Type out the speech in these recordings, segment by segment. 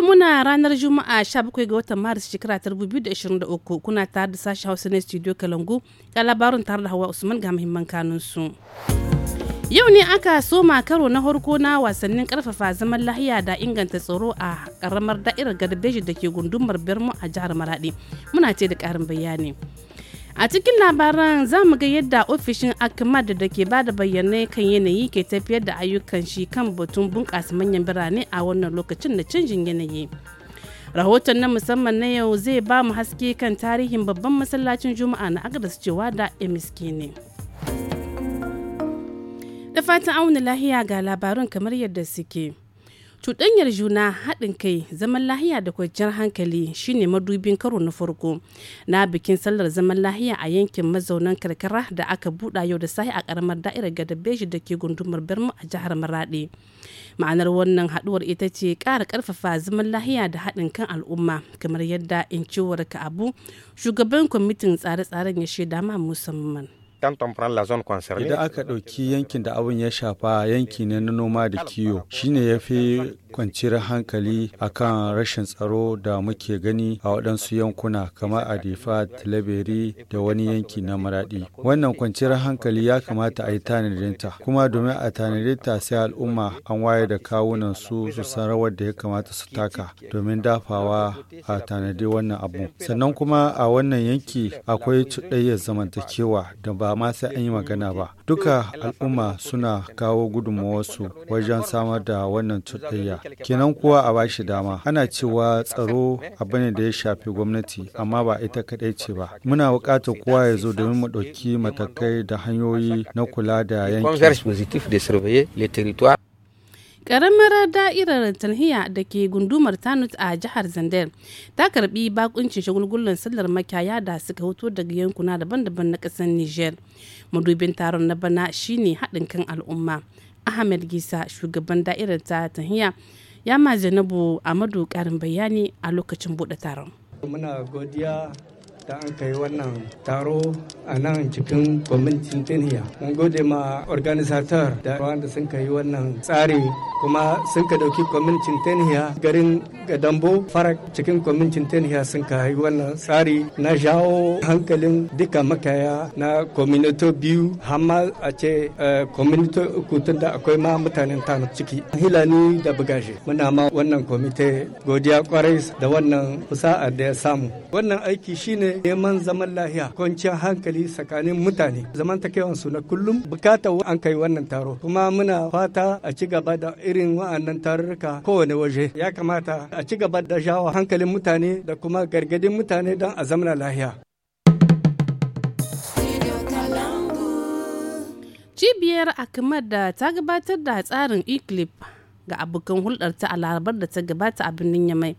Yau muna ranar Juma'a 17 ga watan Maris shekara 2023 kuna tare da sashi Hausa na Studio Kalangu ga labarin tare da Hawa Usman ga muhimman kanunsu. Yau ne aka soma karo na harko na wasannin karfafa zaman lahiya da inganta tsaro a karamar da'irar garbeji da ke gundumar Bermo a jihar Maradi. Muna ce da karin bayani. a cikin labaran za mu ga yadda ofishin akmad da ke ba da bayanai kan yanayi ke tafiyar da ayyukan shi kan batun bunƙasa manyan birane a wannan lokacin da canjin yanayi rahoton na musamman na yau zai ba mu haske kan tarihin babban masallacin juma'a na agadas cewa da emiski ne da fatan auna lahiya ga labarun kamar yadda suke cuɗanyar juna haɗin kai zaman lahiya da kwanciyar hankali shine madubin karo na farko na bikin sallar zaman lahiya a yankin mazaunan karkara da aka buɗa yau da sahi a ƙaramar da'irar beji da ke gundumar birnin a jihar maraɗi ma'anar wannan haɗuwar ita ce ƙara ƙarfafa zaman lahiya da haɗin kan al'umma kamar yadda in ciwar ka abu shugaban kwamitin tsare-tsaren ya shaida ma musamman Idan aka ɗauki yankin da abin ya shafa yanki ne na noma da kiwo shine ya fi kwanciyar hankali akan rashin tsaro da muke gani a waɗansu yankuna kamar Adifa, Talaberi da wani yanki na Maraɗi. Wannan kwanciyar hankali ya kamata a yi tanadinta kuma domin a tanadinta sai al'umma an waye da kawunan su su san rawar da ya kamata su taka domin dafawa a tanadi wannan abu. Sannan kuma a wannan yanki akwai cuɗayyar zamantakewa da ba ba ma sai an yi magana ba duka al'umma suna kawo gudunmawarsu wajen samar da wannan cutayya kenan kuwa a bashi dama ana cewa tsaro abu ne da ya shafi gwamnati amma ba ita kaɗai ce ba muna buƙatar kowa ya zo domin mu ɗauki matakai da hanyoyi na kula da yankin Karamar da'irar Talhiya da ke gundumar Tanut a jihar zander ta karbi bakuncin shagulgulan sallar makiyaya da suka hoto daga yankuna daban-daban na ƙasar Niger. Madubin taron na bana shine haɗin kan al'umma. Ahmed Gisa shugaban da'irar ta Tahiya ya ma Zainabu Amadu karin bayani a lokacin buɗe taron. Muna godiya da an kai wannan taro a nan cikin kwamitin tiniya mun gode ma organizator da wanda sun kai wannan tsari kuma sun ka dauki kwamitin tiniya garin gadambo farak cikin kwamitin tiniya sun ka yi wannan tsari na jawo hankalin duka makaya na community biyu hamma a ce eh, community kutun da akwai ma mutanen na ciki hilani da bugashe muna ma wannan kwamite godiya kwarai da wannan fasa'a da ya samu wannan aiki shine neman zaman lahiya kwanciyar hankali tsakanin mutane zamantakewan su na kullum bukatar an kai wannan taro kuma muna fata a ci gaba da irin wa'annan tarurruka kowane waje ya kamata a ci gaba da jawo hankalin mutane da kuma gargadin mutane don a zamana lahiya Cibiyar Akimada ta gabatar da tsarin eclipse ga abokan hulɗar ta a larabar da ta gabata a birnin yamai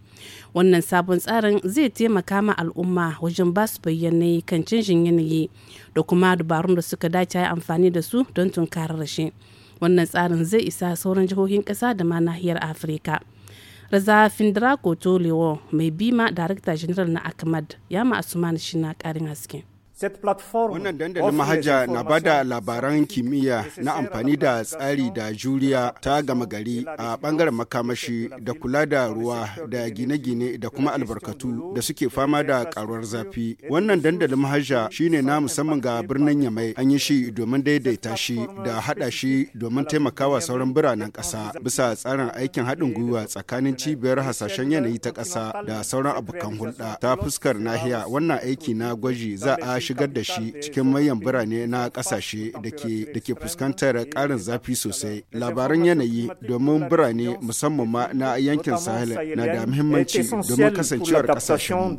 wannan sabon tsarin zai taimaka ma al'umma wajen ba su bayyanai kan canjin yanayi da kuma dabarun da suka dace ya amfani da su don tunkarar rashe wannan tsarin zai isa sauran jihohin ƙasa da ma nahiyar afirka raza findra koto mai bima darakta general na ahmad ya ma asuman shi na ƙarin haske Wannan dandalin mahaja na bada labaran kimiyya na amfani da tsari da juriya ta gama gari a bangaren makamashi da kula da ruwa da gine-gine da kuma albarkatu da suke fama da karuwar zafi. Wannan dandalin mahaja shine na musamman ga birnin Yamai an yi shi domin daidaita shi da hada shi domin taimakawa sauran biranen ƙasa bisa tsarin aikin haɗin gwiwa tsakanin cibiyar hasashen yanayi ta ƙasa da sauran abokan hulɗa ta fuskar nahiya wannan aiki na gwaji za a shigar da shi cikin manyan birane na kasashe da ke fuskantar karin zafi sosai labaran yanayi domin birane musamman ma na yankin sahel na da muhimmanci domin kasancewar kasashen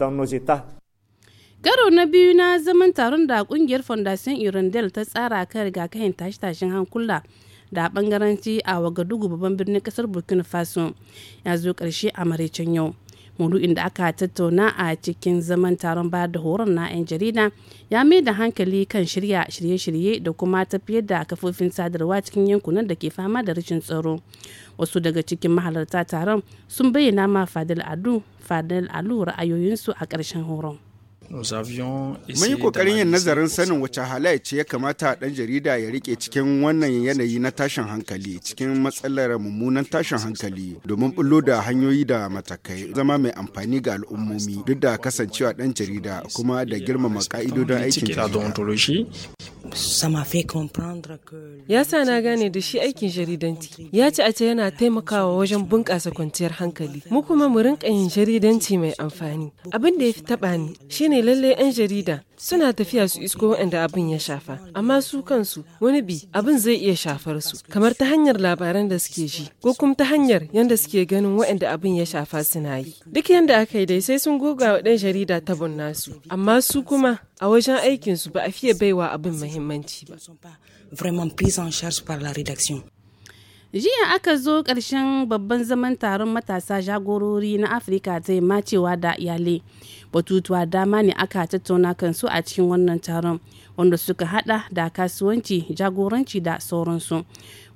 Garo na biyu na zaman taron da kungiyar Fondation Irondel ta tsara kan rigakafin tashe tashin hankula da bangaranci a Wagadugu babban birnin kasar Burkina Faso ya zo ƙarshe a maraicen yau. maudu'in da aka tattauna a cikin zaman taron bayar da horon na 'yan jarida ya mai da hankali kan shirya shirye-shirye da kuma tafiyar da kafofin sadarwa cikin yankunan da ke fama da rashin tsaro wasu daga cikin mahalarta taron sun bayyana ma fadil alu ra'ayoyinsu a ƙarshen horon Mun yi kokarin yin nazarin sanin wace halayya ce ya kamata ɗan jarida ya rike cikin wannan yanayi na tashin hankali cikin matsalar mummunan tashin hankali domin bullo da hanyoyi da matakai zama mai amfani ga al'ummomi duk da kasancewa ɗan jarida kuma da girmama ka'idodin aikin jarida. Ya sa na gane da shi aikin jaridanci. Ya ci a ce yana taimakawa wajen bunƙasa kwanciyar hankali. Mu kuma mu rinƙa yin jaridanci mai amfani. Abin da ya fi taɓa ni shine lallai 'yan jarida suna tafiya su isko waɗanda abin ya shafa amma su kansu wani bi abin zai iya shafar su kamar ta hanyar labaran da suke ji ko kuma ta hanyar yadda suke ganin waɗanda abin ya shafa suna yi duk yadda aka yi dai sai sun goga wa ɗan jarida tabon nasu amma su kuma a wajen aikinsu ba a fiye baiwa abin muhimmanci ba jiya aka zo ƙarshen babban zaman taron matasa jagorori na afirka ta macewa cewa da iyalai batutuwa dama ne aka tattauna kan su a cikin wannan taron wanda suka hada da kasuwanci jagoranci da sauransu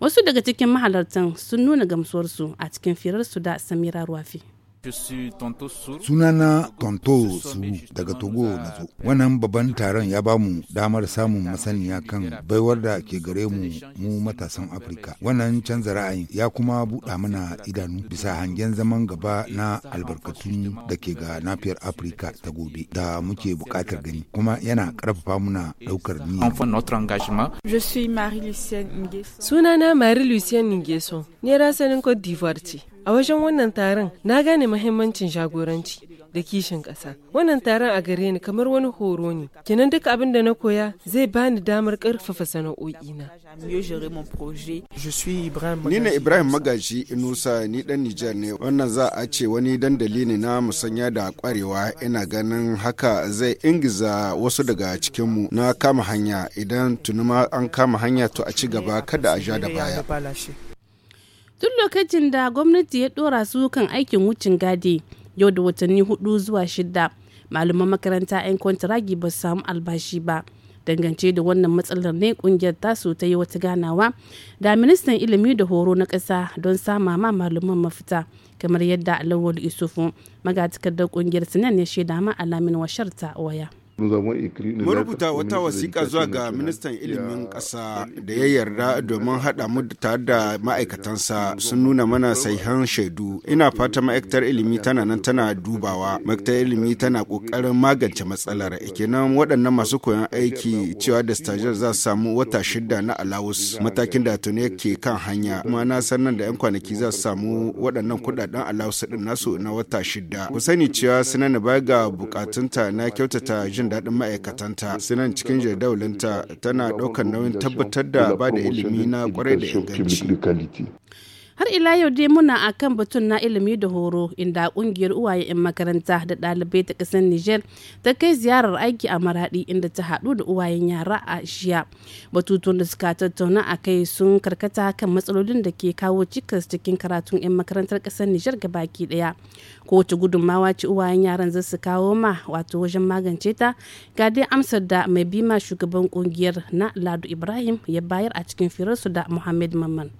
wasu daga cikin mahalartan sun nuna gamsuwarsu a cikin firarsu da samira ruwafi Sunana Tonto Su daga Togo na zo. Wannan babban taron ya bamu damar samun masaniya kan baiwar da ke gare mu mu matasan Afirka. Wannan canza ra'ayin ya kuma buɗa mana idanu bisa hangen zaman gaba na albarkatun da ke ga nafiyar Afirka ta gobe da muke buƙatar gani kuma yana ƙarfafa muna ɗaukar niyya. Sunana Marie-Lucienne Ngeso, ne rasanin Cote d'Ivoire A wajen wannan taron na gane mahimmancin jagoranci da kishin ƙasa. Wannan taron a gare ni kamar wani horo ne. Kenan duk abin da na koya zai bani damar ƙarfafa sana'o'ina. Ni ne Ibrahim Magaji Inusa ni dan Nijar ne. Wannan za a ce wani dandali ne na musanya da kwarewa ina ganin haka zai ingiza wasu daga cikin mu na kama hanya idan tunuma an kama hanya to a ci gaba kada a ja da baya. tun lokacin da gwamnati ya dora su kan aikin wucin gadi yau da watanni hudu zuwa shida malaman makaranta 'yan kwantaragi ba su samu albashi ba dangance da wannan matsalar ne kungiyar tasu ta yi wata ganawa da ministan ilimi da horo na ƙasa don sama ma malaman mafita kamar yadda alawar isufu magatakardar kungiyar sinan ya shaida ma alamin ta waya. Mun rubuta wata wasiƙa zuwa ga ministan ilimin ƙasa da ya yarda domin haɗa mu tare da ma'aikatansa sun nuna mana saihan shaidu. Ina fata ma'aikatar ilimi tana nan tana dubawa. Ma'aikatar ilimi tana ƙoƙarin magance matsalar. Kenan waɗannan masu koyon aiki cewa da stajiyar za su samu wata shida na alawus matakin da tuni ke kan hanya. Kuma na san nan da 'yan kwanaki za su samu waɗannan kuɗaɗen alawus ɗin nasu na wata shida. Ku sani cewa na baya ga bukatunta na kyautata jin jin daɗin ma'aikatanta sinan cikin jadawalinta tana ɗaukar nauyin tabbatar da ba da ilimi na kwarai da inganci har ila yau dai muna akan batun na ilimi da horo inda kungiyar uwaye 'yan makaranta da ɗalibai ta ƙasar niger ta kai ziyarar aiki a maraɗi inda ta haɗu da uwayen yara a shiya batutun da suka tattauna a kai sun karkata kan matsalolin da ke kawo cikas cikin karatun 'yan makarantar ƙasar niger gabaki ɗaya ko wace gudunmawa ce uwayen yaran za su kawo ma wato wajen magance ta ga dai amsar da mai bima shugaban kungiyar na ladu ibrahim ya bayar a cikin firarsu da muhammed mamman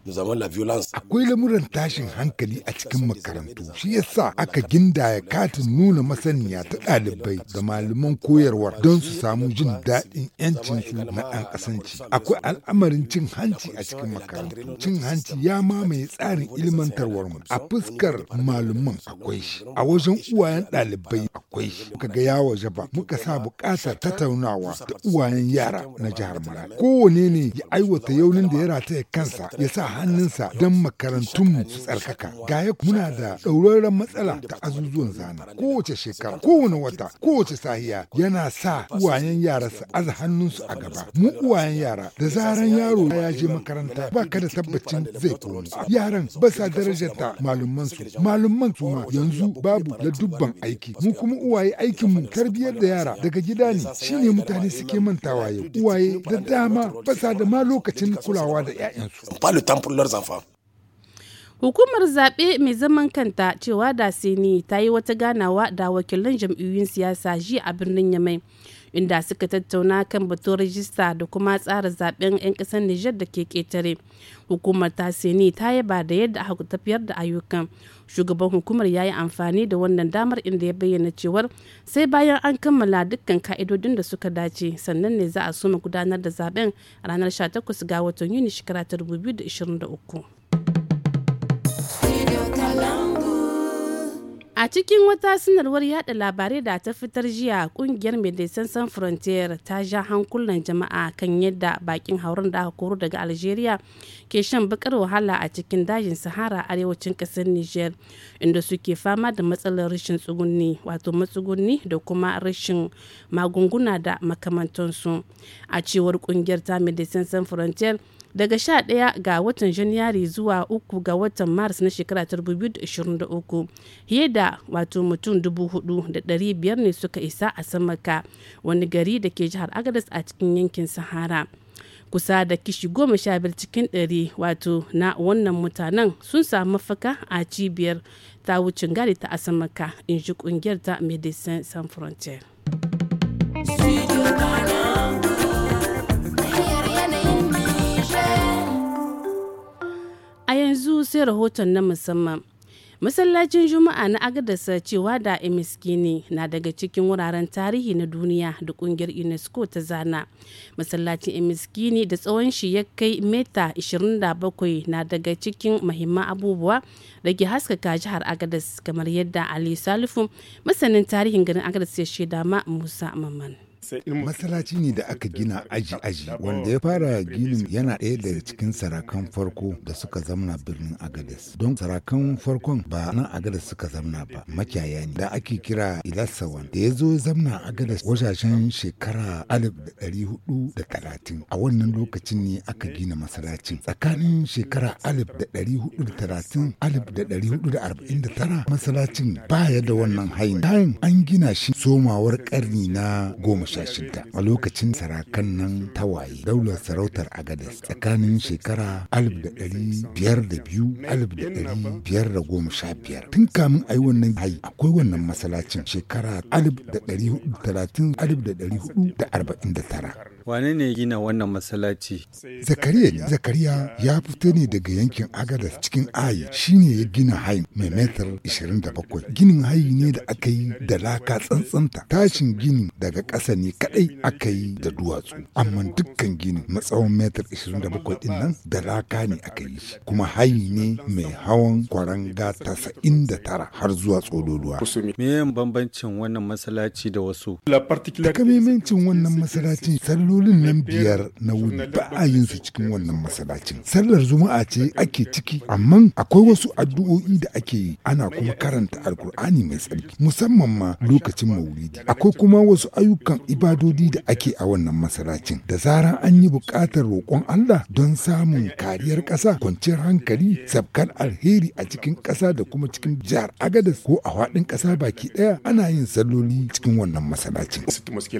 akwai lamuran tashin hankali a cikin makarantu shi yasa aka gindaya katin nuna masaniya ta ɗalibai da malaman koyarwar don su samu jin daɗin su na ɗan asanci. akwai al'amarin cin hanci a cikin makarantu cin hanci ya mamaye tsarin ilmantarwar mu a fuskar malaman akwai shi a wajen uwayen ɗalibai akwai muka ga yawo jaba muka sa buƙatar tattaunawa da uwayen yara na jihar mara kowane ne ya aiwata yaunin da ya rataya kansa ya sa hannunsa don makarantunmu su tsarkaka gaya muna da ɗauraren matsala ta azuzuwan zana kowace shekara kowane wata kowace sahiya yana sa uwayen yara su aza hannunsu a gaba mu uwayen yara da zaran yaro ya je makaranta ba ka da tabbacin zai komo yaran ba sa darajarta malamansu malaman su ma yanzu babu na dubban aiki. Mu kuma uwaye aikin mu tarbiyyar da yara daga gida ne shine mutane suke mantawa yau. Uwaye da dama basa da ma lokacin kulawa da 'ya'yansu. Hukumar zaɓe mai zaman kanta cewa da sini ta yi wata ganawa da wakilan jam'iyyun siyasa jiya a birnin Yamai. inda suka tattauna kan batun rajista da kuma tsara zaben 'yan ƙasar Nijar da ke ƙetare. Hukumar ta seni ta yi ba da yadda aka tafiyar da ayyukan. Shugaban hukumar ya yi amfani da wannan damar inda ya bayyana cewar sai bayan an kammala dukkan ka'idodin da suka dace sannan ne za a soma gudanar da zaben ranar 18 ga watan Yuni shekara 2023. A cikin wata sanarwar yada labarai da ta fitar jiya kungiyar Medecins Sans Frontier ta ja hankulan jama'a kan yadda bakin hauren da aka koro daga Algeria ke shan bakar wahala a cikin dajin Sahara arewacin kasar Niger inda suke fama da matsalar rashin tsugunni wato matsugunni da kuma rashin magunguna da makamantansu. A cewar kungiyar ta Medecins Sans Frontier daga 11 ga watan janairu zuwa 3 ga watan maris na shekara 2023 fiye da wato mutum 4,500 ne suka isa a samaka wani gari da ke jihar agadas a cikin yankin sahara kusa da kishi goma sha biyar cikin ɗari wato na wannan mutanen sun samu mafaka a cibiyar ta wucin gari ta asamaka in ji kungiyar ta medecins sans frontières A yanzu sai rahoton na musamman. Masallacin Juma'a na Agadasa cewa da Emiskini na daga cikin wuraren tarihi na duniya da kungiyar UNESCO ta zana. Masallacin Emiskini da tsawon shi ya kai mita 27 na daga cikin mahimman abubuwa da ke haskaka jihar Agadas kamar yadda Ali Salifu masanin tarihin garin Agadas ya shaida ma Musa Mamman. Masallaci ne da aka gina aji-aji wanda ya fara ginin yana ɗaya daga cikin sarakan farko da suka zamna birnin Agades. Don sarakan farkon ba na Agades suka zamna ba makiyaya ne da ake kira Ilasawan da ya zo zamna Agades wajajen shekara talatin A wannan lokacin ne aka gina masallacin. Tsakanin shekara da 1449 masallacin baya da wannan hain Tayin an gina shi somawar ƙarni na goma 2016 a lokacin sarakan nan tawaye daular sarautar Agadez tsakanin shekara 1502-1515. Tun kamin a yi wannan hayi akwai wannan masalacin shekara 1430-1449. Wane ne gina wannan masallaci? Zakariya ne. Zakariya ya fito ne daga yankin Agadas cikin Ayi shine ya gina hayi mai metar 27. Ginin hayi ne da aka yi da laka tsantsanta. Tashin gini daga ƙasa ne kadai aka yi da duwatsu amma dukkan ginin matsawon metar 27 din nan da raka ne aka yi shi kuma hayi ne mai hawan kwaranga tara har zuwa tsololuwa me bambancin wannan masallaci da wasu takamaimancin wannan masallacin sallolin nan biyar na wuni ba a yin su cikin wannan masallacin sallar zuma'a ce ake ciki amma akwai wasu addu'o'i da ake yi ana kuma karanta alkur'ani mai tsarki musamman ma lokacin maulidi akwai kuma wasu ayyukan ibadodi da ake a wannan masallacin da zaran an yi buƙatar roƙon Allah don samun kariyar ƙasa kwanciyar hankali sabkar alheri a cikin ƙasa da kuma cikin jihar Agadas ko a faɗin ƙasa baki ɗaya ana yin salloli cikin wannan masallacin.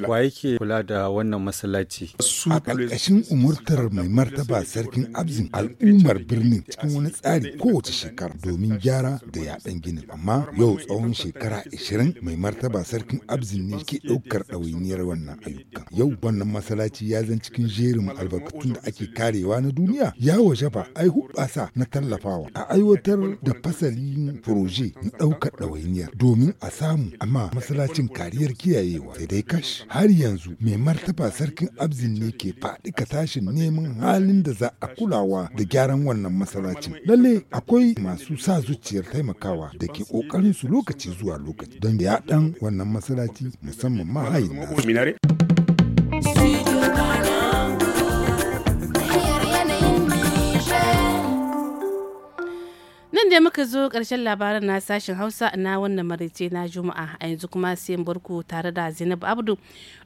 Wa yake kula da wannan masallaci? A ƙarƙashin umurtar mai martaba sarkin Abzin al'ummar birnin cikin wani tsari kowace shekara domin gyara da yaɗan ginin amma yau tsawon shekara 20 mai martaba sarkin Abzin ne ke ɗaukar ɗawainiyar fa'idar wannan ayyuka yau wannan masalaci ya zan cikin jerin albarkatun da ake karewa na duniya ya waje ba ai hubasa na tallafawa a aiwatar da fasalin furoje na ɗaukar ɗawainiyar domin a samu amma masalacin kariyar kiyayewa sai dai kash har yanzu mai martaba sarkin abzin ne ke faɗi ka tashin neman halin da za a kulawa da gyaran wannan masalacin lalle akwai masu sa zuciyar taimakawa da ke ƙoƙarin su lokaci zuwa lokaci don ya ɗan wannan masalaci musamman ma hayin Minare. nan da muka zo ƙarshen labaran na sashen hausa na wannan marice na juma'a a yanzu kuma sai barku tare da zainab abdu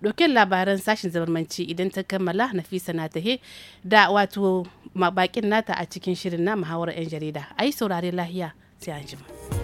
dokin labaran sashen zabarmanci idan ta kammala nafisa na tahe da wato bakin nata a cikin shirin na muhawarar 'yan jarida a yi saurare lahiya sai an jima.